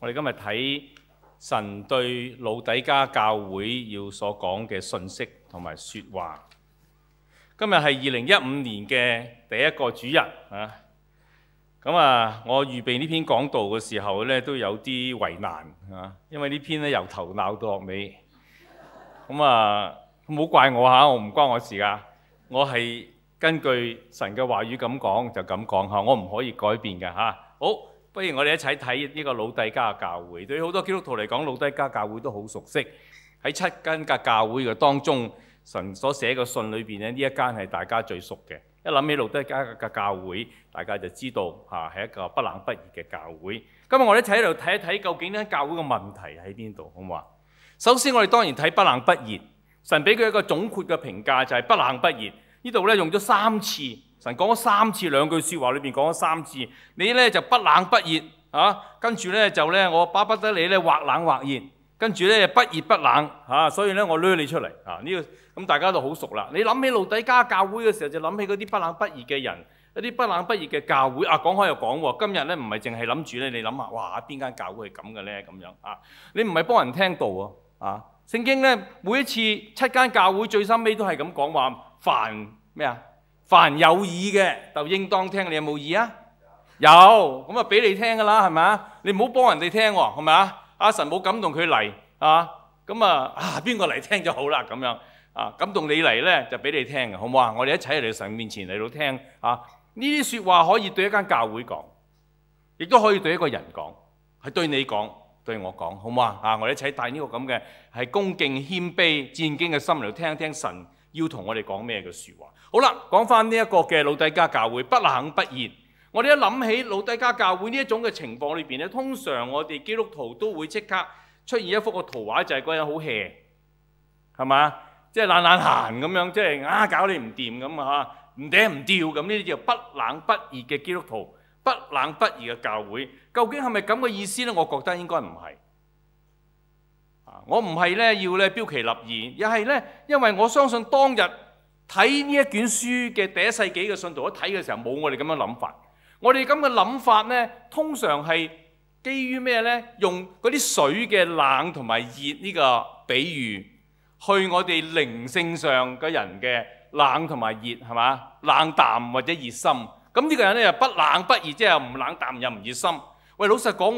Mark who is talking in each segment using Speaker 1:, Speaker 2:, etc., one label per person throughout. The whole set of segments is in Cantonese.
Speaker 1: 我哋今日睇神對老底嘉教會要所講嘅信息同埋說話。今日係二零一五年嘅第一個主日啊。咁啊，我預備呢篇講道嘅時候咧，都有啲為難啊，因為呢篇咧由頭鬧到落尾。咁啊，唔好怪我吓，我唔關我事噶。我係根據神嘅話語咁講就咁講吓，我唔可以改變嘅吓。好。不如我哋一齊睇呢個老底嘉嘅教會，對好多基督徒嚟講，老底嘉教會都好熟悉。喺七間教會嘅當中，神所寫嘅信裏邊呢，呢一間係大家最熟嘅。一諗起老底嘉嘅教會，大家就知道嚇係一個不冷不熱嘅教會。今日我哋一齊喺度睇一睇，究竟呢教會嘅問題喺邊度，好唔好啊？首先，我哋當然睇不冷不熱。神俾佢一個總括嘅評價就係不冷不熱。呢度咧用咗三次。神講咗三次兩句説話，裏邊講咗三次，你咧就不冷不熱啊，跟住咧就咧我巴不得你咧或冷或熱，跟住咧不熱不冷啊，所以咧我掠你出嚟啊呢、這個咁、嗯、大家就好熟啦。你諗起老底嘉教會嘅時候，就諗起嗰啲不冷不熱嘅人，一啲不冷不熱嘅教會啊。講開又講喎，今日咧唔係淨係諗住咧，你諗下哇，邊間教會係咁嘅咧咁樣，呢樣啊？你唔係幫人聽道喎啊？聖經咧每一次七間教會最深尾都係咁講話，凡咩啊？什麼凡有耳嘅就應當聽，你有冇耳啊？有，咁啊俾你聽噶啦，係咪啊？你唔好幫人哋聽，係咪啊？阿神冇感動佢嚟，啊，咁啊啊邊個嚟聽就好啦，咁樣啊感動你嚟咧就俾你聽，好唔好啊？我哋一齊嚟神面前嚟到聽啊，呢啲說話可以對一間教會講，亦都可以對一個人講，係對你講，對我講，好唔好啊？啊，我哋一齊帶呢個咁嘅係恭敬謙卑、戰兢嘅心嚟聽一聽神。要同我哋講咩嘅説話？好啦，講翻呢一個嘅老底加教會不冷不熱。我哋一諗起老底加教會呢一種嘅情況裏邊咧，通常我哋基督徒都會即刻出現一幅個圖畫，就係嗰種好 hea，係嘛？即係懶懶閒咁樣，即係啊搞你唔掂咁啊，唔嗲唔吊咁，呢啲叫不冷不熱嘅基督徒，不冷不熱嘅教會，究竟係咪咁嘅意思咧？我覺得應該唔係。我唔係咧要咧標奇立異，又係咧，因為我相信當日睇呢一卷書嘅第一世紀嘅信徒，睇嘅時候冇我哋咁樣諗法。我哋咁嘅諗法咧，通常係基於咩咧？用嗰啲水嘅冷同埋熱呢個比喻，去我哋靈性上嘅人嘅冷同埋熱，係嘛？冷淡或者熱心。咁呢個人咧又不冷不熱，即係又唔冷淡又唔熱心。喂，老實講，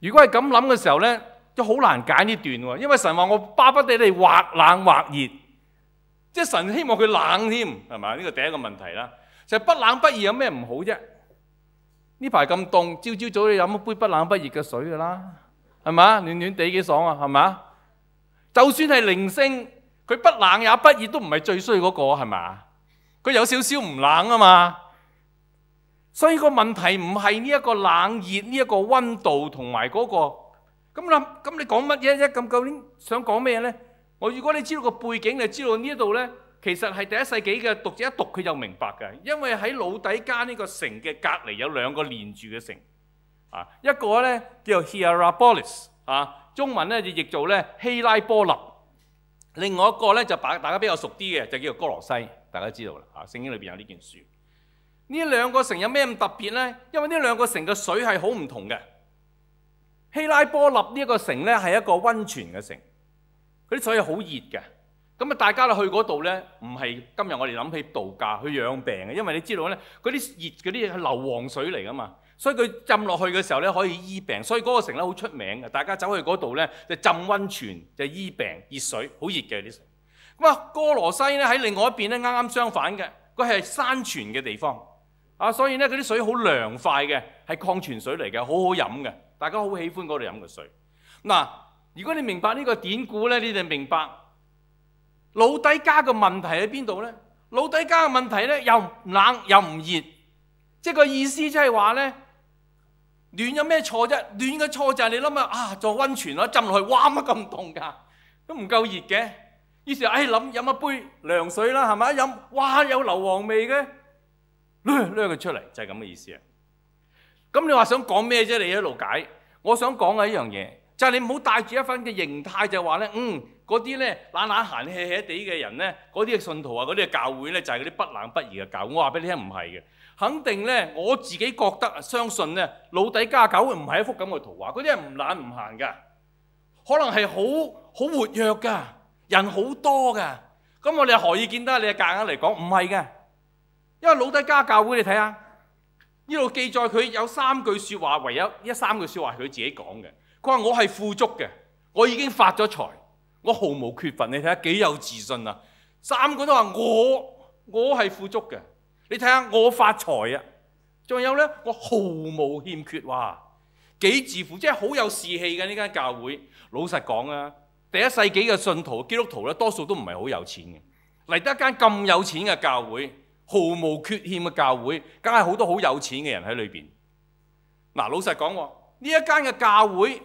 Speaker 1: 如果係咁諗嘅時候咧，就好難解呢段喎，因為神話我巴不得你或冷或熱，即係神希望佢冷添，係嘛？呢個第一個問題啦。就係不冷不熱有咩唔好啫？呢排咁凍，朝朝早你飲一杯不冷不熱嘅水噶啦，係嘛？暖暖地幾爽啊，係嘛？就算係零星，佢不冷也不熱都唔係最衰嗰個，係嘛？佢有少少唔冷啊嘛。所以個問題唔係呢一個冷熱呢一個溫度同埋嗰個。咁啦，咁你講乜嘢啫？咁究竟想講咩咧？我如果你知道個背景，你就知道呢度咧，其實係第一世紀嘅讀者一讀佢就明白嘅。因為喺老底加呢個城嘅隔離有兩個連住嘅城，啊，一個咧叫 Hierapolis，啊，中文咧就譯做咧希拉波立；另外一個咧就大大家比較熟啲嘅就叫做哥羅西，大家知道啦。啊，聖經裏邊有呢件書。呢兩個城有咩咁特別咧？因為呢兩個城嘅水係好唔同嘅。希拉波立呢一個城呢，係一個温泉嘅城，嗰啲水係好熱嘅。咁啊，大家去嗰度呢，唔係今日我哋諗起度假去養病嘅，因為你知道咧，嗰啲熱嗰啲係硫磺水嚟噶嘛，所以佢浸落去嘅時候呢，可以醫病，所以嗰個城呢，好出名嘅。大家走去嗰度呢，就浸温泉，就醫、是、病，熱水好熱嘅啲水。咁啊，哥羅西呢，喺另外一邊呢，啱啱相反嘅，佢係山泉嘅地方啊，所以呢，嗰啲水好涼快嘅，係礦泉水嚟嘅，很好好飲嘅。大家好喜歡嗰度飲嘅水。嗱，如果你明白呢個典故咧，你就明白老底加嘅問題喺邊度咧？老底加嘅問題咧，又唔冷又唔熱，即係個意思即係話咧，暖有咩錯啫？暖嘅錯就係你諗啊，做温泉啦，浸落去哇乜咁凍㗎，都唔夠熱嘅。於是唉諗飲一杯涼水啦，係咪？一飲哇有硫磺味嘅，擸佢出嚟就係咁嘅意思啊！咁你話想講咩啫？你一路解，我想講嘅一樣嘢就係、是、你唔好帶住一份嘅形態就話咧，嗯，嗰啲咧懶懶閒 hea hea 地嘅人咧，嗰啲嘅信徒啊，嗰啲嘅教會咧，就係嗰啲不冷不熱嘅教。我話俾你聽唔係嘅，肯定咧我自己覺得啊，相信咧老底加教會唔係一幅咁嘅圖畫。嗰啲人唔懶唔行噶，可能係好好活躍噶，人好多噶。咁我哋又何以見得？你夾硬嚟講唔係嘅，因為老底加教會你睇下。呢度記載佢有三句說話，唯有一三句說話係佢自己講嘅。佢話：我係富足嘅，我已經發咗財，我毫無缺乏。你睇下幾有自信啊！三個都話我我係富足嘅，你睇下我發財啊！仲有呢，我毫無欠缺，哇！幾自負，即係好有士氣嘅呢間教會。老實講啊，第一世紀嘅信徒基督徒咧，多數都唔係好有錢嘅，嚟得一間咁有錢嘅教會。毫無缺陷嘅教會，梗係好多好有錢嘅人喺裏邊。嗱，老實講喎，呢一間嘅教會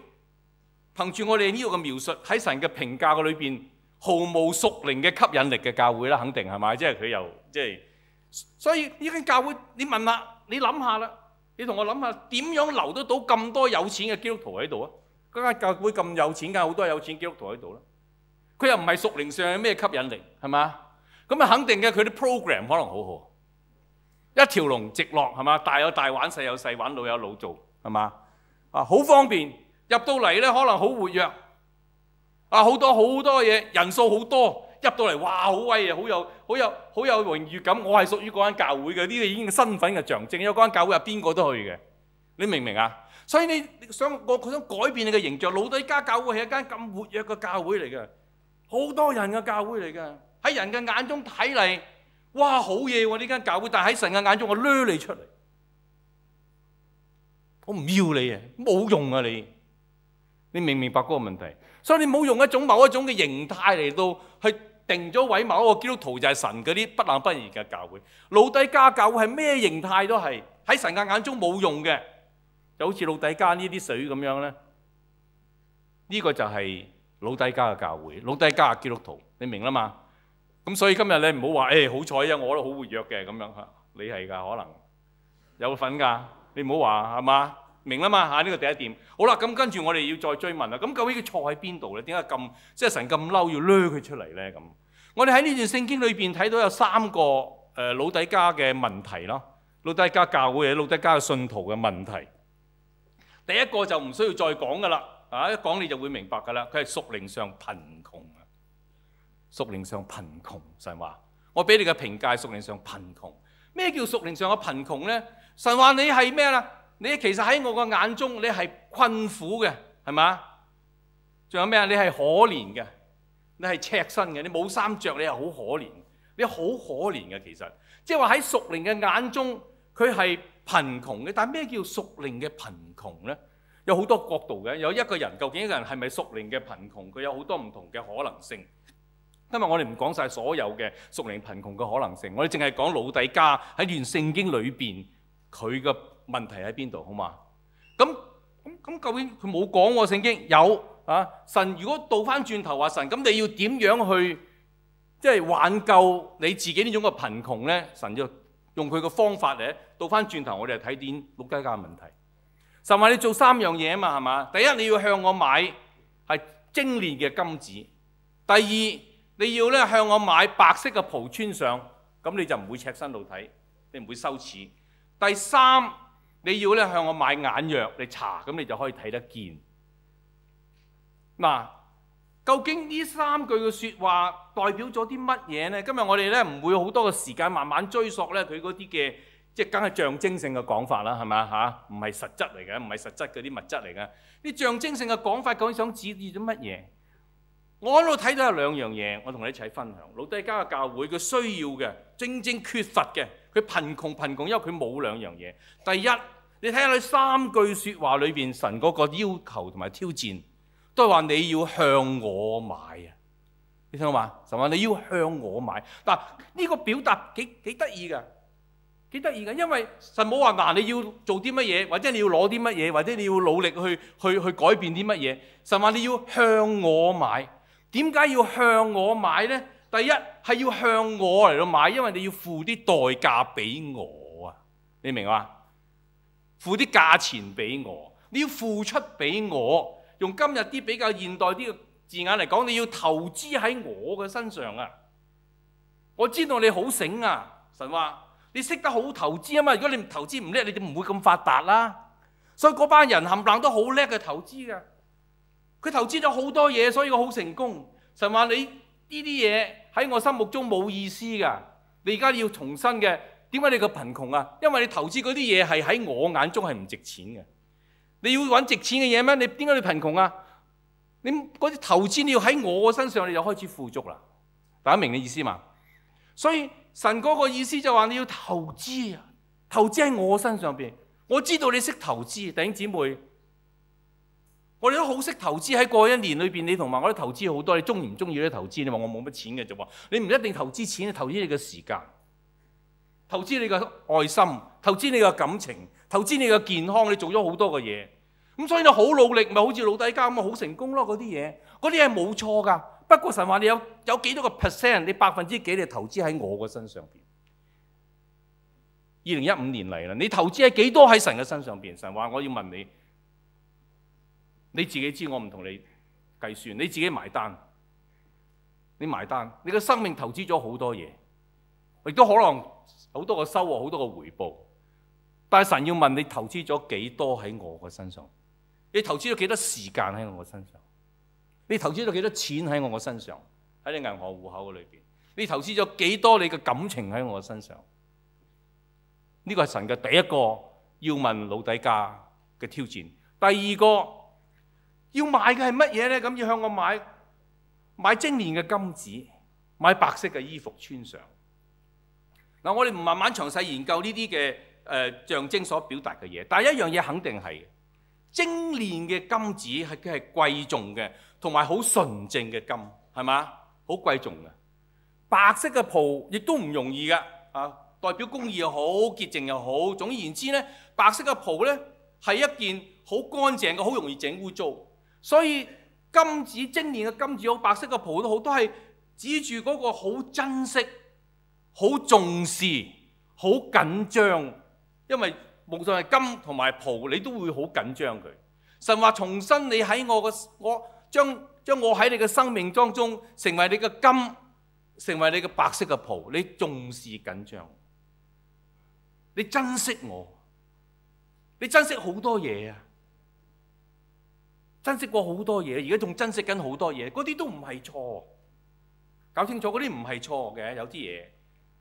Speaker 1: 憑住我哋呢度嘅描述，喺神嘅評價嘅裏邊，毫無屬靈嘅吸引力嘅教會啦，肯定係咪？即係佢又即係，所以呢間教會，你問下，你諗下啦，你同我諗下，點樣留得到咁多有錢嘅基督徒喺度啊？嗰間教會咁有錢，梗係好多有錢基督徒喺度啦。佢又唔係屬靈上有咩吸引力，係嘛？咁啊，肯定嘅，佢啲 program 可能好好，一條龍直落係嘛，大有大玩，細有細玩，老有老做係嘛啊，好方便入到嚟咧，可能好活躍啊，好多好多嘢，人數好多入到嚟，哇，好威啊，好有好有好有榮譽感，我係屬於嗰間教會嘅，呢個已經身份嘅象徵，因為嗰間教會係邊個都去嘅，你明唔明啊？所以你想我佢想改變你嘅形象，老底家，教會係一間咁活躍嘅教會嚟嘅，好多人嘅教會嚟嘅。喺人嘅眼中睇嚟，哇，好嘢喎！呢間教會，但喺神嘅眼中，我吐你出嚟，我唔要你啊，冇用啊你！你明唔明白嗰個問題？所以你冇用一種某一種嘅形態嚟到去定咗位某一個基督徒就係神嗰啲不冷不熱嘅教會。老底加教會係咩形態都係喺神嘅眼中冇用嘅，就好似老底加呢啲水咁樣咧。呢個就係老底加嘅教會，老底加嘅基督徒，你明啦嘛？咁所以今日你唔好話誒，好彩啊！我都好活躍嘅咁樣吓，你係噶可能有份噶，你唔好話係嘛，明啊嘛吓，呢個第一點。好啦，咁跟住我哋要再追問啦。咁究竟佢錯喺邊度咧？點解咁即係神咁嬲要掠佢出嚟咧？咁我哋喺呢段聖經裏邊睇到有三個誒，老底嘉嘅問題咯，老底嘉教會、老底嘉嘅信徒嘅問題。第一個就唔需要再講噶啦，啊一講你就會明白噶啦，佢係屬靈上貧窮。屬靈上貧窮，神話我俾你嘅評價。屬靈上貧窮，咩叫屬靈上嘅貧窮呢？神話你係咩呢？你其實喺我嘅眼，、就是、眼中，你係困苦嘅，係嘛？仲有咩啊？你係可憐嘅，你係赤身嘅，你冇衫着，你係好可憐，你好可憐嘅其實，即係話喺屬靈嘅眼中，佢係貧窮嘅。但係咩叫屬靈嘅貧窮呢？有好多角度嘅。有一個人究竟一個人係咪屬靈嘅貧窮？佢有好多唔同嘅可能性。今日我哋唔講晒所有嘅屬靈貧窮嘅可能性，我哋淨係講老底嘉喺段聖經裏邊佢嘅問題喺邊度？好嘛？咁咁究竟佢冇講喎？聖經有啊？神如果倒翻轉頭話神，咁你要點樣去即係、就是、挽救你自己呢種嘅貧窮呢？神就用佢嘅方法嚟倒翻轉頭，我哋係睇點老底嘉嘅問題。神話你做三樣嘢啊嘛？係嘛？第一你要向我買係精煉嘅金子，第二。你要咧向我買白色嘅袍穿上，咁你就唔會在赤身露體，你唔會羞恥。第三，你要咧向我買眼藥你搽，咁你就可以睇得見。嗱、啊，究竟呢三句嘅説話代表咗啲乜嘢呢？今日我哋咧唔會好多嘅時間慢慢追溯咧佢嗰啲嘅，即係梗係象徵性嘅講法啦，係咪？嚇？唔係實質嚟嘅，唔係實質嗰啲物質嚟嘅，啲象徵性嘅講法究竟想指意咗乜嘢？我喺度睇到有兩樣嘢，我同你一齊分享。老底嘉嘅教會佢需要嘅，正正缺乏嘅，佢貧窮貧窮，因為佢冇兩樣嘢。第一，你睇下佢三句説話裏邊，神嗰個要求同埋挑戰，都係話你要向我買啊！你聽到嘛？神話你要向我買。但呢個表達幾幾得意㗎，幾得意㗎，因為神冇話嗱你要做啲乜嘢，或者你要攞啲乜嘢，或者你要努力去去去改變啲乜嘢。神話你要向我買。點解要向我買呢？第一係要向我嚟到買，因為你要付啲代價俾我啊！你明嘛？付啲價錢俾我，你要付出俾我。用今日啲比較現代啲嘅字眼嚟講，你要投資喺我嘅身上啊！我知道你好醒啊！神話，你識得好投資啊嘛！如果你投資唔叻，你就唔會咁發達啦。所以嗰班人冚唪唥都好叻嘅投資嘅。佢投資咗好多嘢，所以我好成功。神話，你呢啲嘢喺我心目中冇意思噶，你而家要重新嘅。點解你個貧窮啊？因為你投資嗰啲嘢係喺我眼中係唔值錢嘅。你要揾值錢嘅嘢咩？你點解你貧窮啊？你啲投資你要喺我身上，你就開始富足啦。大家明你意思嘛？所以神嗰個意思就話你要投資啊，投資喺我身上邊。我知道你識投資，弟兄姊妹。我哋都好識投資，喺過去一年裏邊，你同埋我都投資好多。你中唔中意啲投資？你話我冇乜錢嘅啫。你唔一定投資錢，你投資你嘅時間，投資你嘅愛心，投資你嘅感情，投資你嘅健康。你做咗好多嘅嘢，咁所以你好努力，咪好似老底家咁啊，好成功咯。嗰啲嘢，嗰啲係冇錯噶。不過神話你有有幾多個 percent，你百分之幾你投資喺我嘅身上邊。二零一五年嚟啦，你投資喺幾多喺神嘅身上邊？神話我要問你。你自己知，我唔同你計算，你自己埋單，你埋單，你嘅生命投資咗好多嘢，亦都可能好多嘅收穫，好多嘅回報。但係神要問你投資咗幾多喺我嘅身上？你投資咗幾多時間喺我嘅身上？你投資咗幾多錢喺我嘅身上？喺你銀行戶口裏邊，你投資咗幾多你嘅感情喺我嘅身上？呢個係神嘅第一個要問老底家嘅挑戰，第二個。要買嘅係乜嘢咧？咁要向我買買精煉嘅金子，買白色嘅衣服穿上嗱。我哋唔慢慢詳細研究呢啲嘅誒象徵所表達嘅嘢，但係一樣嘢肯定係精煉嘅金子係佢係貴重嘅，同埋好純淨嘅金係嘛？好貴重嘅白色嘅袍亦都唔容易嘅啊！代表公義又好，潔淨又好。總而言之咧，白色嘅袍咧係一件好乾淨嘅，好容易整污糟。所以金子精煉嘅金子好，白色嘅袍都好，都係指住嗰個好珍惜、好重視、好緊張。因為無論係金同埋袍，你都會好緊張佢。神話重新你在我的，我將將我在你喺我嘅我將將我喺你嘅生命當中，成為你嘅金，成為你嘅白色嘅袍，你重視緊張，你珍惜我，你珍惜好多嘢啊！珍惜過好多嘢，而家仲珍惜緊好多嘢，嗰啲都唔係錯。搞清楚嗰啲唔係錯嘅，有啲嘢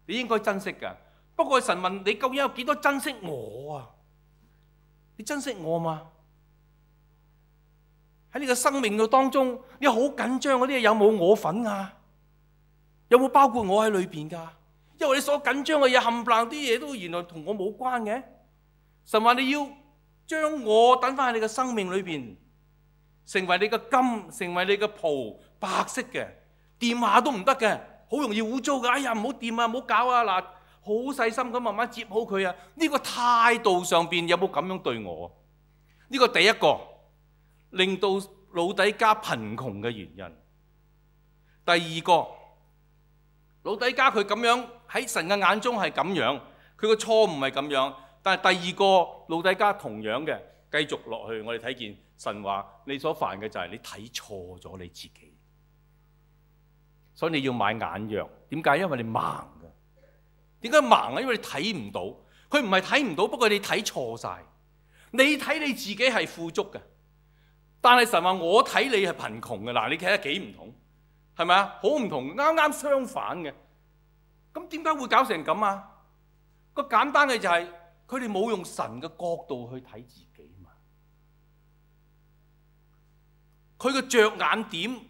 Speaker 1: 你應該珍惜㗎。不過神問你究竟有幾多珍惜我啊？你珍惜我嘛？喺你嘅生命嘅當中，你好緊張嗰啲嘢有冇我份啊？有冇包括我喺裏邊㗎？因為你所緊張嘅嘢冚唪唥啲嘢都原來同我冇關嘅。神話你要將我等返喺你嘅生命裏邊。成為你個金，成為你個袍，白色嘅，掂下都唔得嘅，好容易污糟嘅。哎呀，唔好掂啊，唔好搞啊！嗱，好細心咁慢慢接好佢啊。呢個態度上邊有冇咁樣對我？呢個第一個令到老底家貧窮嘅原因。第二個老底家佢咁樣喺神嘅眼中係咁樣，佢個錯唔係咁樣，但係第二個老底家同樣嘅。繼續落去，我哋睇見神話。你所犯嘅就係你睇錯咗你自己，所以你要買眼藥。點解？因為你盲噶。點解盲咧？因為你睇唔到。佢唔係睇唔到，不過你睇錯晒。你睇你自己係富足嘅，但係神話我睇你係貧窮嘅。嗱，你睇得幾唔同？係咪啊？好唔同，啱啱相反嘅。咁點解會搞成咁啊？個簡單嘅就係佢哋冇用神嘅角度去睇自己。佢個着眼點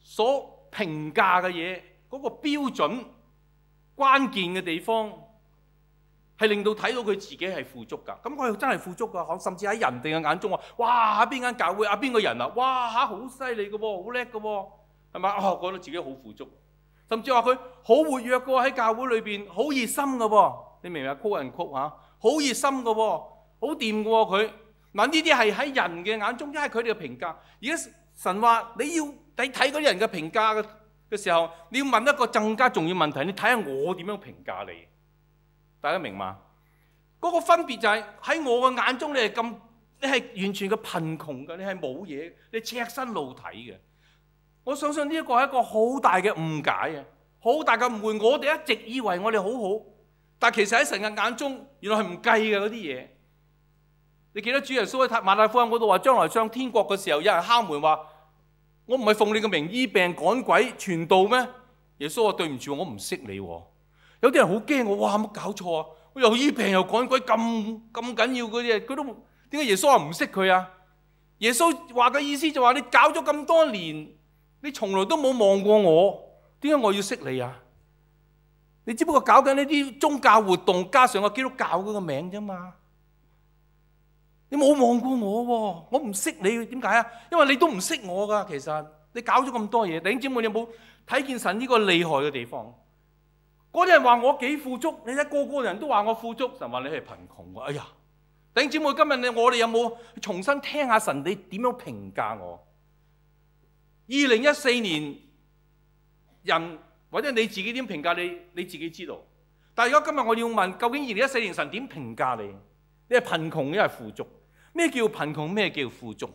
Speaker 1: 所評價嘅嘢，嗰個標準關鍵嘅地方，係令到睇到佢自己係富足㗎。咁佢真係富足㗎，甚至喺人哋嘅眼中話：哇！邊間教會啊，邊個人啊，哇嚇好犀利㗎喎，好叻㗎喎，係咪啊？哦，覺得自己好富足，甚至話佢好活躍㗎喎，喺教會裏邊好熱心㗎喎。你明唔明曲人曲嚇，啊，好熱心㗎喎，好掂㗎喎佢。嗱，呢啲係喺人嘅眼中，依係佢哋嘅評價。而家神話你要你睇嗰啲人嘅評價嘅嘅時候，你要問一個更加重要問題：你睇下我點樣評價你？大家明嘛？嗰個分別就係喺我嘅眼中，你係咁，你係完全嘅貧窮㗎，你係冇嘢，你赤身露體嘅。我相信呢一個係一個好大嘅誤解啊，好大嘅誤會。我哋一直以為我哋好好，但其實喺神嘅眼中，原來係唔計嘅嗰啲嘢。你記得主耶穌喺馬太福音嗰度話，將來上天國嘅時候，有人敲門話：我唔係奉你嘅名醫病趕鬼傳道咩？耶穌話：對唔住，我唔識你。有啲人好驚，我哇乜搞錯啊！我又醫病又趕鬼，咁咁緊要嗰嘢，佢都點解耶穌話唔識佢啊？耶穌話嘅意思就話、是、你搞咗咁多年，你從來都冇望過我，點解我要識你啊？你只不過搞緊呢啲宗教活動，加上個基督教嗰個名啫嘛。你冇望過我喎，我唔識你，點解啊？因為你都唔識我㗎，其實你搞咗咁多嘢。頂姊妹，你有冇睇見神呢個厲害嘅地方？嗰啲人話我幾富足，你一個個人都話我富足，神話你係貧窮。哎呀，頂姊妹，今日你我哋有冇重新聽下神你點樣評價我？二零一四年人或者你自己點評價你？你自己知道。但係如果今日我要問，究竟二零一四年神點評價你？你係貧窮，一係富足？咩叫貧窮？咩叫富足？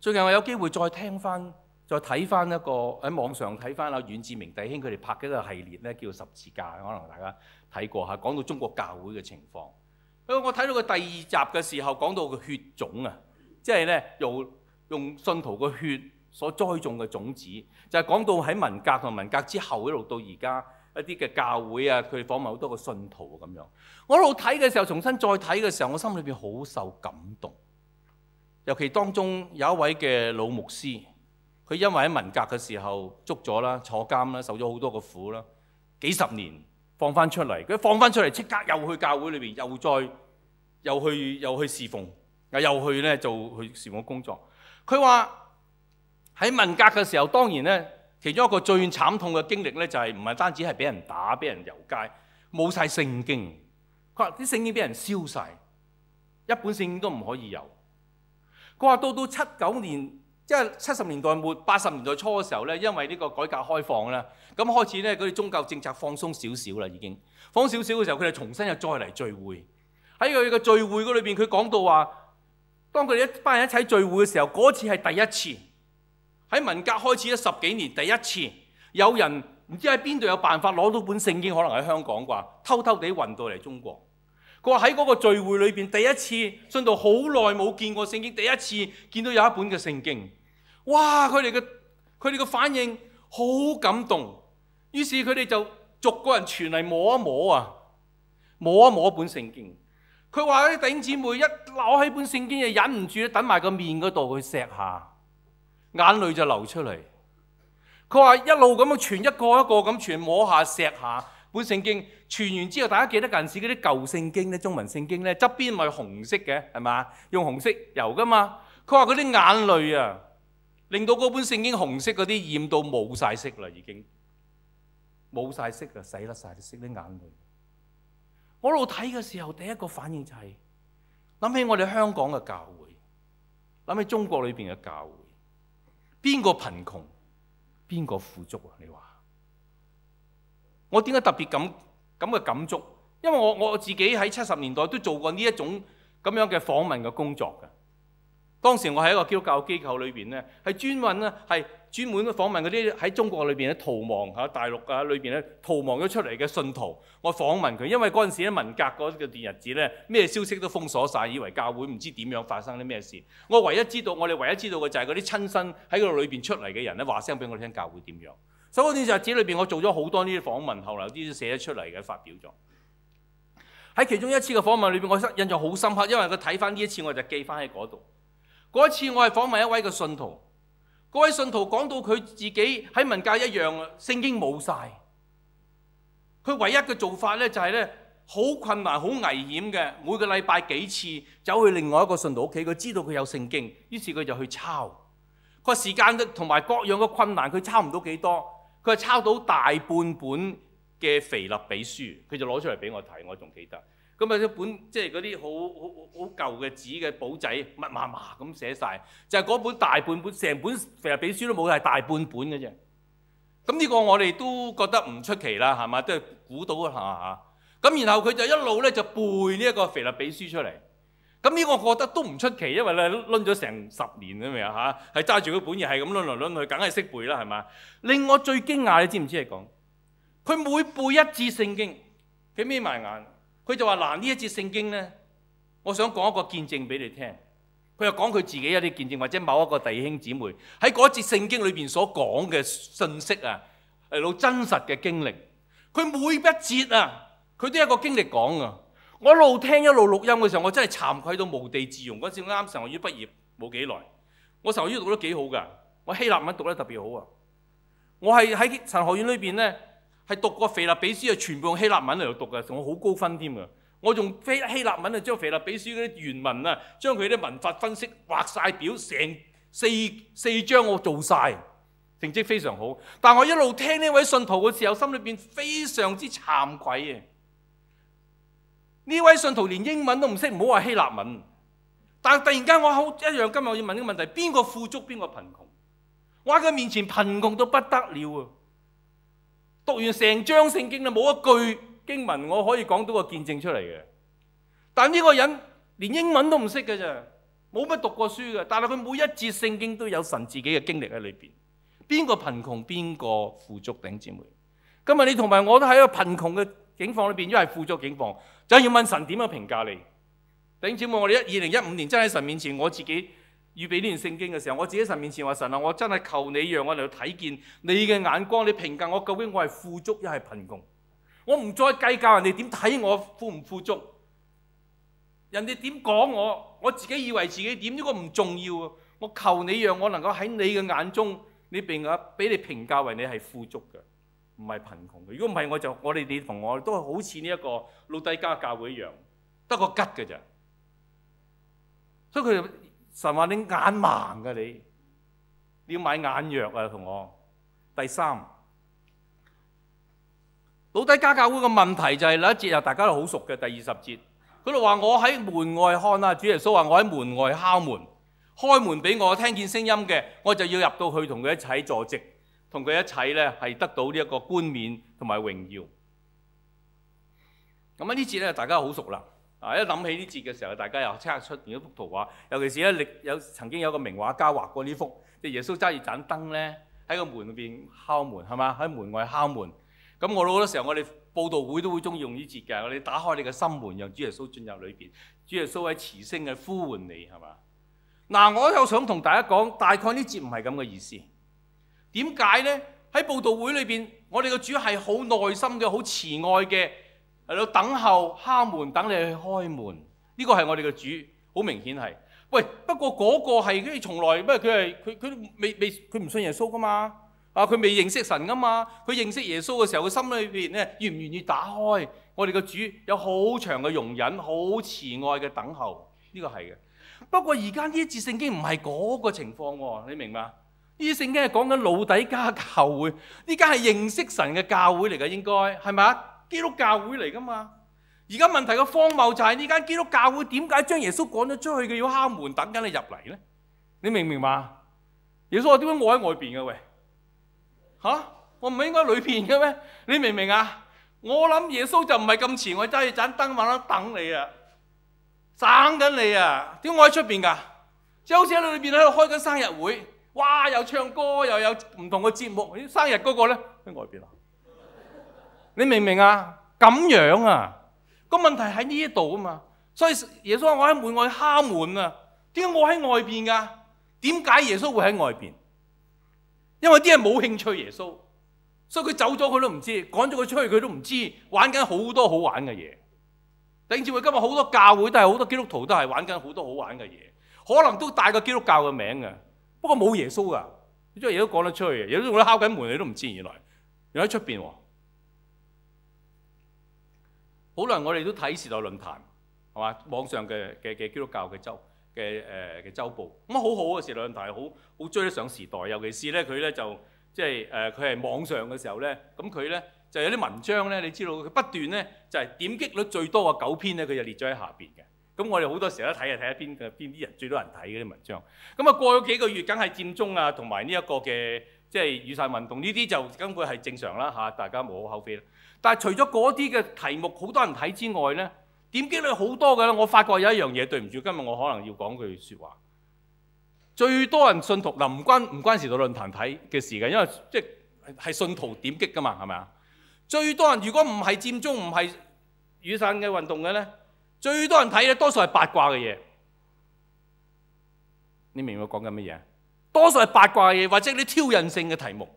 Speaker 1: 最近我有機會再聽翻、再睇翻一個喺網上睇翻阿遠志明弟兄佢哋拍嘅一個系列咧，叫十字架，可能大家睇過嚇。講到中國教會嘅情況，我睇到佢第二集嘅時候，講到個血種啊，即係咧用用信徒個血所栽種嘅種子，就係、是、講到喺文革同文革之後一路到而家。一啲嘅教會啊，佢訪問好多個信徒咁樣。我一路睇嘅時候，重新再睇嘅時候，我心裏邊好受感動。尤其當中有一位嘅老牧師，佢因為喺文革嘅時候捉咗啦，坐監啦，受咗好多個苦啦，幾十年放翻出嚟，佢放翻出嚟即刻又去教會裏邊，又再又去又去侍奉，又去咧做去侍奉工作。佢話喺文革嘅時候，當然咧。其中一個最慘痛嘅經歷咧，就係唔係單止係俾人打、俾人遊街，冇晒聖經。佢話啲聖經俾人燒晒，一本聖經都唔可以有。佢話到到七九年，即係七十年代末、八十年代初嘅時候咧，因為呢個改革開放啦，咁開始咧，佢哋宗教政策放鬆少少啦，已經放少少嘅時候，佢哋重新又再嚟聚會。喺佢嘅聚會嗰裏面，佢講到話，當佢哋一班人一齊聚會嘅時候，嗰次係第一次。喺文革開始咗十幾年，第一次有人唔知喺邊度有辦法攞到本聖經，可能喺香港啩，偷偷地運到嚟中國。佢話喺嗰個聚會裏邊，第一次信徒好耐冇見過聖經，第一次見到有一本嘅聖經，哇！佢哋嘅佢哋嘅反應好感動，於是佢哋就逐個人傳嚟摸一摸啊，摸一摸一本聖經。佢話啲弟姊妹一攞起本聖經就忍唔住，等埋個面嗰度去錫下。眼淚就流出嚟，佢話一路咁樣傳一個一個咁傳，摸下錫下本聖經，傳完之後，大家記得近時嗰啲舊聖經咧，中文聖經咧側邊咪紅色嘅，係嘛？用紅色油噶嘛？佢話嗰啲眼淚啊，令到嗰本聖經紅色嗰啲染到冇晒色啦，已經冇晒色啦，洗甩晒啲色眼淚。我喺度睇嘅時候，第一個反應就係、是、諗起我哋香港嘅教會，諗起中國裏邊嘅教會。邊個貧窮，邊個富足啊你話，我點解特別感咁嘅感觸因為我我自己喺七十年代都做過呢一種咁樣嘅訪問嘅工作㗎。當時我喺一個基督教機構裏邊咧，係專揾咧係。專門訪問嗰啲喺中國裏邊咧逃亡嚇大陸啊裏邊咧逃亡咗出嚟嘅信徒，我訪問佢，因為嗰陣時咧文革嗰段日子咧咩消息都封鎖晒，以為教會唔知點樣發生啲咩事。我唯一知道，我哋唯一知道嘅就係嗰啲親身喺嗰度裏邊出嚟嘅人咧話聲俾我哋聽教會點樣。所以嗰段日子裏邊，我做咗好多呢啲訪問，後嚟有啲寫咗出嚟嘅發表咗。喺其中一次嘅訪問裏邊，我印象好深刻，因為佢睇翻呢一次，我就記翻喺嗰度。嗰次我係訪問一位嘅信徒。各位信徒講到佢自己喺文教一樣啊，聖經冇晒。佢唯一嘅做法呢，就係呢：好困難、好危險嘅，每個禮拜幾次走去另外一個信徒屋企，佢知道佢有聖經，於是佢就去抄。佢話時間同埋各樣嘅困難他不，佢抄唔到幾多。佢話抄到大半本嘅腓立比書，佢就攞出嚟俾我睇，我仲記得。咁咪一本即係嗰啲好好好好舊嘅紙嘅簿仔，密麻麻咁寫晒，就係、是、嗰、就是、本大半本成本腓立比書都冇，係大半本嘅啫。咁呢個我哋都覺得唔出奇啦，係嘛，都係估到下。咁、啊啊啊啊、然後佢就一路咧就背呢一個腓立比書出嚟。咁呢個我覺得都唔出奇，因為咧攆咗成十年㗎嘛嚇，係揸住個本而係咁攆嚟攆去，梗係識背啦，係嘛？令我最驚訝你知唔知係講？佢每背一字聖經，佢眯埋眼。佢就話：嗱，呢一節聖經咧，我想講一個見證俾你聽。佢又講佢自己一啲見證，或者某一個弟兄姊妹喺嗰一節聖經裏邊所講嘅信息啊，係老真實嘅經歷。佢每一節啊，佢都有一個經歷講啊。我一路聽一路錄音嘅時候，我真係慚愧到無地自容。嗰陣時啱神學院畢業冇幾耐，我神學院讀得幾好㗎，我希臘文讀得特別好啊。我係喺神學院裏邊咧。係讀過《腓立比書》啊，全部用希臘文嚟讀嘅，同我好高分添㗎。我用希希臘文啊，將《腓立比書》嗰啲原文啊，將佢啲文法分析畫晒表，成四四張我做晒，成績非常好。但我一路聽呢位信徒嘅時候，心裏邊非常之慚愧啊！呢位信徒連英文都唔識，唔好話希臘文。但係突然間我好一樣，今日我要問呢個問題：邊個富足，邊個貧窮？我喺佢面前貧窮到不得了啊！讀完成章聖經啦，冇一句經文我可以講到個見證出嚟嘅。但呢個人連英文都唔識㗎咋，冇乜讀過書嘅。但係佢每一節聖經都有神自己嘅經歷喺裏邊。邊個貧窮，邊個富足，頂姊妹。今日你同埋我都喺一個貧窮嘅境況裏邊，因為係富足的境況，就要問神點樣評價你，頂姊妹。我哋一二零一五年真係喺神面前，我自己。預備呢段聖經嘅時候，我自己喺神面前話：神啊，我真係求你讓我嚟到睇見你嘅眼光，你評價我究竟我係富足一係貧窮。我唔再計較人哋點睇我富唔富足，人哋點講我，我自己以為自己點呢個唔重要。我求你讓我能夠喺你嘅眼中你評啊，俾你評價為你係富足嘅，唔係貧窮嘅。如果唔係，我就我哋你同我都係好似呢一個老底嘉教會一樣，得個吉嘅啫。所以佢神話你眼盲嘅你，你要買眼藥啊！同我第三，老底加教會嘅問題就係呢一節啊，大家都好熟嘅第二十節，佢就話我喺門外看啦，主耶穌話我喺門外敲門，開門俾我聽見聲音嘅，我就要入到去同佢一齊坐席，同佢一齊咧係得到呢一個冠冕同埋榮耀。咁啊呢節咧大家好熟啦。啊！一諗起呢節嘅時候，大家又即刻出現一幅圖畫，尤其是咧，歷有曾經有個名畫家畫過呢幅，即耶穌揸住盞燈咧，喺個門裏邊敲門，係嘛？喺門外敲門。咁我好多時候，我哋佈道會都會鍾意用呢節嘅，我哋打開你嘅心門，讓主耶穌進入裏邊。主耶穌喺慈聲嘅呼喚你，係嘛？嗱，我又想同大家講，大概呢節唔係咁嘅意思。點解呢？喺佈道會裏邊，我哋個主係好耐心嘅，好慈愛嘅。等候敲門等你去開門，呢個係我哋嘅主，好明顯係。喂，不過嗰個係佢從來咩？佢係佢佢未未佢唔信耶穌噶嘛？啊，佢未認識神噶嘛？佢認識耶穌嘅時候，佢心裏邊咧願唔願意打開？我哋嘅主有好長嘅容忍，好慈愛嘅等候，呢個係嘅。不過而家呢一節聖經唔係嗰個情況喎，你明嘛？呢節聖經係講緊老底嘉教會，呢家係認識神嘅教會嚟嘅，應該係咪啊？是基督教會嚟噶嘛？而家問題嘅荒謬就係、是，呢間基督教會點解將耶穌趕咗出去？佢要敲門等緊你入嚟咧？你明唔明白？耶穌話點解我喺外邊嘅喂？吓、啊，我唔係應該喺裏邊嘅咩？你明唔明啊？我諗耶穌就唔係咁遲，我揸住盞燈喺度等你啊，省緊你啊？點解我喺出邊噶？即好似喺裏邊喺度開緊生日會，哇，又唱歌又有唔同嘅節目。生日嗰個咧喺外邊啊？你明唔明啊？咁樣啊，個問題喺呢一度啊嘛。所以耶穌話：我喺門外敲門啊。點解我喺外面㗎、啊？點解耶穌會喺外面？因為啲人冇興趣耶穌，所以佢走咗佢都唔知，趕咗佢出去佢都唔知，玩緊好多好玩嘅嘢。定住！我今日好多教會都係好多基督徒都係玩緊好多好玩嘅嘢，可能都帶個基督教嘅名嘅，不過冇耶穌㗎。你將嘢都講得出去，嘢都我都敲緊門，你都唔知原來又喺出面喎。好耐，我哋都睇時代論壇，係嘛？網上嘅嘅嘅基督教嘅周嘅誒嘅週報，咁啊好好嘅時代論壇係好好追得上時代，尤其是咧佢咧就即係誒佢係網上嘅時候咧，咁佢咧就有啲文章咧，你知道佢不斷咧就係、是、點擊率最多嘅九篇咧，佢就列咗喺下邊嘅。咁我哋好多時候睇就睇下邊嘅邊啲人最多人睇嗰啲文章。咁啊過咗幾個月，梗係佔中啊，同埋呢一個嘅即係雨傘運動呢啲就根本係正常啦嚇，大家無可厚非。但係除咗嗰啲嘅題目好多人睇之外咧，點擊率好多嘅啦。我發覺有一樣嘢，對唔住，今日我可能要講句説話。最多人信徒嗱唔、呃、關唔關時代論壇睇嘅事嘅，因為即係係信徒點擊嘅嘛，係咪啊？最多人如果唔係佔中唔係雨傘嘅運動嘅咧，最多人睇嘅多數係八卦嘅嘢。你明唔明我講緊乜嘢？多數係八卦嘅嘢，或者啲挑釁性嘅題目。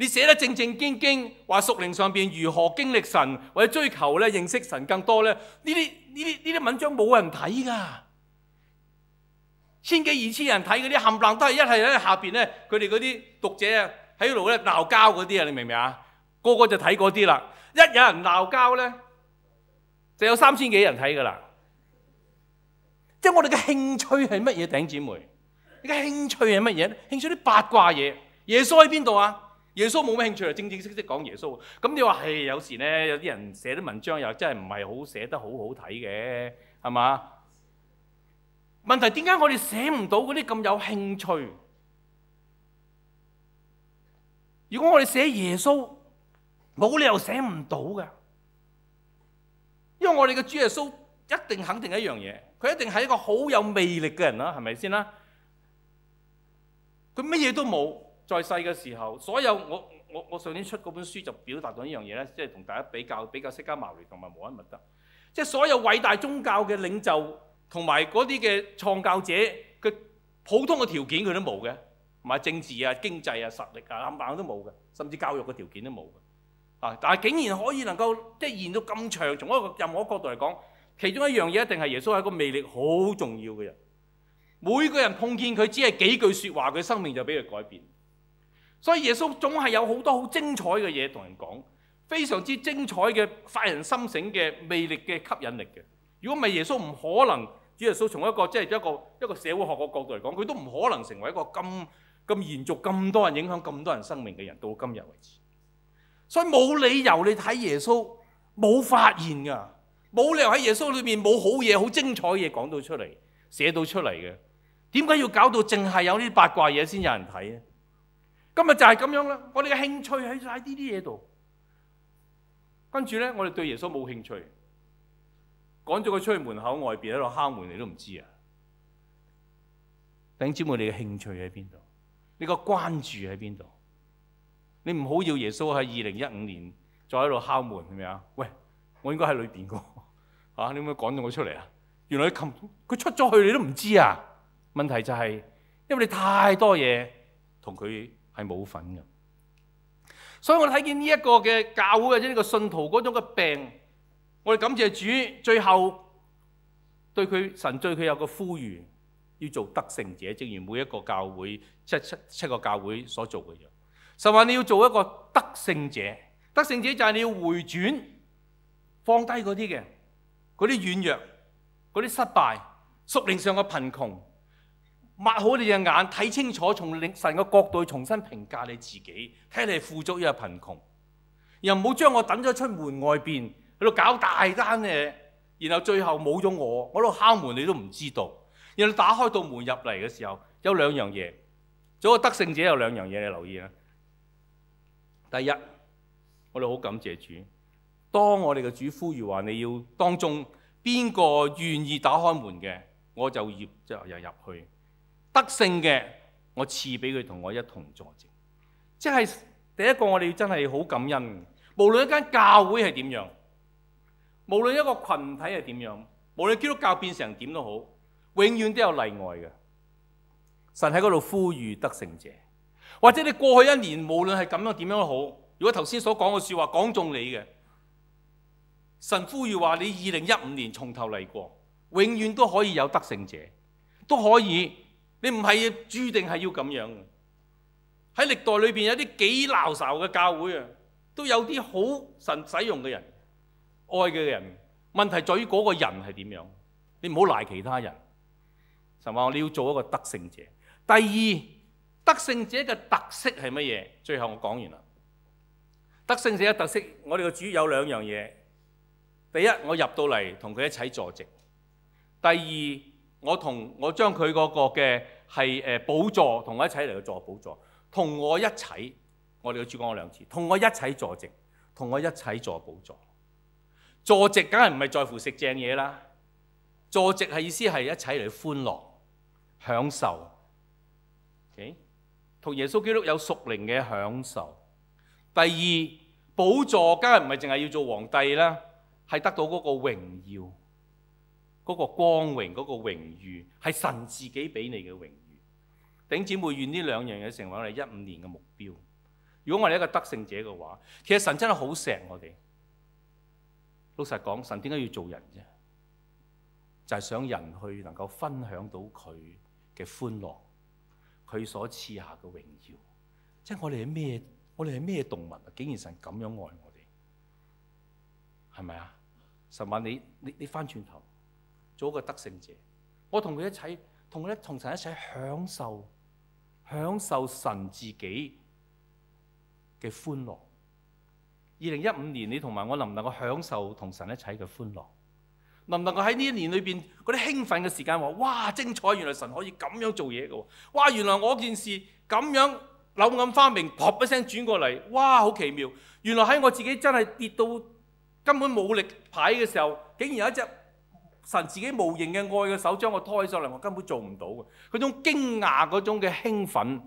Speaker 1: 你寫得正正經經，話屬靈上邊如何經歷神或者追求咧，認識神更多咧？呢啲呢啲呢啲文章冇人睇噶，千幾二千人睇嗰啲冚唪唥都係一係咧下邊咧，佢哋嗰啲讀者啊喺度咧鬧交嗰啲啊，你明唔明啊？個個就睇嗰啲啦，一有人鬧交咧，就有三千幾人睇噶啦。即係我哋嘅興趣係乜嘢，頂姊妹？你嘅興趣係乜嘢咧？興趣啲八卦嘢，耶穌喺邊度啊？耶穌冇咩興趣啊，正正式式講耶穌咁你話係有時咧，有啲人寫啲文章又真係唔係好寫得好好睇嘅，係嘛？問題點解我哋寫唔到嗰啲咁有興趣？如果我哋寫耶穌，冇理由寫唔到噶，因為我哋嘅主耶穌一定肯定一樣嘢，佢一定係一個好有魅力嘅人啦，係咪先啦？佢乜嘢都冇。在世嘅時候，所有我我我上年出嗰本書就表達到呢樣嘢咧，即係同大家比較比較，釋迦牟尼同埋穆罕默德，即係所有偉大宗教嘅領袖同埋嗰啲嘅創教者佢普通嘅條件佢都冇嘅，同埋政治啊、經濟啊、實力啊、冚唪唥都冇嘅，甚至教育嘅條件都冇嘅啊！但係竟然可以能夠即係延到咁長，從一個任何角度嚟講，其中一樣嘢一定係耶穌係一個魅力好重要嘅人。每個人碰見佢只係幾句説話，佢生命就俾佢改變。所以耶穌總係有好多好精彩嘅嘢同人講，非常之精彩嘅、發人心醒嘅魅力嘅吸引力嘅。如果唔係耶穌唔可能，主耶穌從一個即係一個一個社會學嘅角度嚟講，佢都唔可能成為一個咁咁延續咁多人影響咁多人生命嘅人到今日為止。所以冇理由你睇耶穌冇發現㗎，冇理由喺耶穌裏面冇好嘢、好精彩嘢講到出嚟、寫到出嚟嘅。點解要搞到淨係有呢八卦嘢先有人睇咧？今日就係咁樣啦。我哋嘅興趣喺晒呢啲嘢度，跟住咧，我哋對耶穌冇興趣，趕咗佢出去門口外邊喺度敲門，你都唔知啊。弟兄姊妹，你嘅興趣喺邊度？你個關注喺邊度？你唔好要耶穌喺二零一五年再喺度敲門，係咪啊？喂，我應該喺裏邊個吓，你唔可以趕咗我出嚟啊？原來佢佢出咗去，你都唔知啊？問題就係，因為你太多嘢同佢。係冇份嘅，所以我睇見呢一個嘅教會或者呢個信徒嗰種嘅病，我哋感謝主，最後對佢神對佢有個呼籲，要做得勝者，正如每一個教會七七七個教會所做嘅樣，就話你要做一個得勝者，得勝者就係你要回轉，放低嗰啲嘅嗰啲軟弱，嗰啲失敗，屬靈上嘅貧窮。擘好你隻眼睇清楚，從神嘅角度重新評價你自己，睇你富足又係貧窮，又唔好將我等咗出門外邊喺度搞大單嘢，然後最後冇咗我，我喺度敲門你都唔知道。然後打開道門入嚟嘅時候有兩樣嘢，作為得勝者有兩樣嘢你留意啦。第一，我哋好感謝主，當我哋嘅主呼籲話你要當中邊個願意打開門嘅，我就入入入入去。得勝嘅，我賜俾佢同我一同坐席。即係第一個，我哋真係好感恩。無論一間教會係點樣，無論一個群體係點樣，無論基督教變成點都好，永遠都有例外嘅。神喺嗰度呼籲得勝者，或者你過去一年無論係咁樣點樣都好，如果頭先所講嘅說話講中你嘅，神呼籲話，你二零一五年從頭嚟過，永遠都可以有得勝者，都可以。你唔係註定係要咁樣嘅，喺歷代裏邊有啲幾鬧嘈嘅教會啊，都有啲好神使用嘅人，愛嘅人。問題在於嗰個人係點樣？你唔好賴其他人。神話我哋要做一個得勝者。第二，得勝者嘅特色係乜嘢？最後我講完啦。得勝者嘅特色，我哋嘅主有兩樣嘢。第一，我入到嚟同佢一齊坐席。第二。我同我將佢嗰個嘅係誒，寶座同我一齊嚟，去作寶座，同我一齊。我哋嘅主講過兩次，同我一齊坐席，同我一齊做寶座。坐席梗係唔係在乎食正嘢啦，坐席係意思係一齊嚟歡樂享受。okay? 同耶穌基督有屬靈嘅享受。第二，寶座梗係唔係淨係要做皇帝啦，係得到嗰個榮耀。嗰個光榮，嗰個榮譽係神自己俾你嘅榮譽。頂姊妹願呢兩樣嘢成為我哋一五年嘅目標。如果我哋係一個得勝者嘅話，其實神真係好錫我哋。老實講，神點解要做人啫？就係想人去能夠分享到佢嘅歡樂，佢所賜下嘅榮耀。即係我哋係咩？我哋係咩動物啊？竟然神咁樣愛我哋，係咪啊？神話你你，你翻轉頭。做個得勝者，我同佢一齊，同佢一同神一齊享受，享受神自己嘅歡樂。二零一五年，你同埋我能唔能夠享受同神一齊嘅歡樂？能唔能夠喺呢一年裏邊嗰啲興奮嘅時間話：哇，精彩！原來神可以咁樣做嘢嘅喎。哇，原來我件事咁樣柳暗花明，噗一聲轉過嚟，哇，好奇妙！原來喺我自己真係跌到根本冇力牌嘅時候，竟然有一隻。神自己無形嘅愛嘅手將我拖起上嚟，我根本做唔到嘅。嗰種驚訝、嗰種嘅興奮，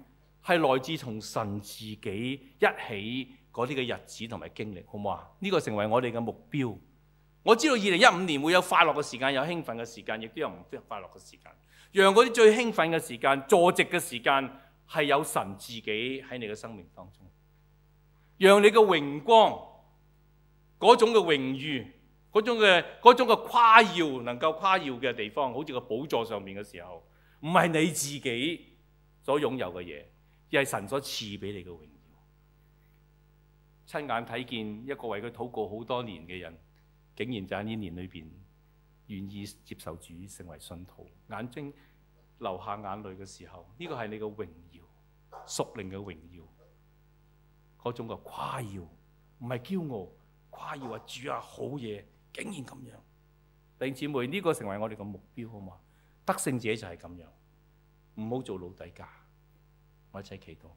Speaker 1: 係來自從神自己一起嗰啲嘅日子同埋經歷，好唔好啊？呢個成為我哋嘅目標。我知道二零一五年會有快樂嘅時間，有興奮嘅時間，亦都有唔快樂嘅時間。讓嗰啲最興奮嘅時間、坐席嘅時間，係有神自己喺你嘅生命當中。讓你嘅榮光，嗰種嘅榮譽。嗰種嘅嗰種嘅誇耀，能夠誇耀嘅地方，好似個寶座上面嘅時候，唔係你自己所擁有嘅嘢，而係神所賜俾你嘅榮耀。親眼睇見一個為佢禱告好多年嘅人，竟然就喺呢年裏邊願意接受主成為信徒，眼睛流下眼淚嘅時候，呢、這個係你嘅榮耀，屬靈嘅榮耀。嗰種嘅誇耀，唔係驕傲，誇耀話、啊、主啊好嘢。竟然咁樣，弟兄姊妹，呢、呢個成為我哋個目標好嘛！得勝者就係咁樣，唔好做老底家，我一齊祈禱。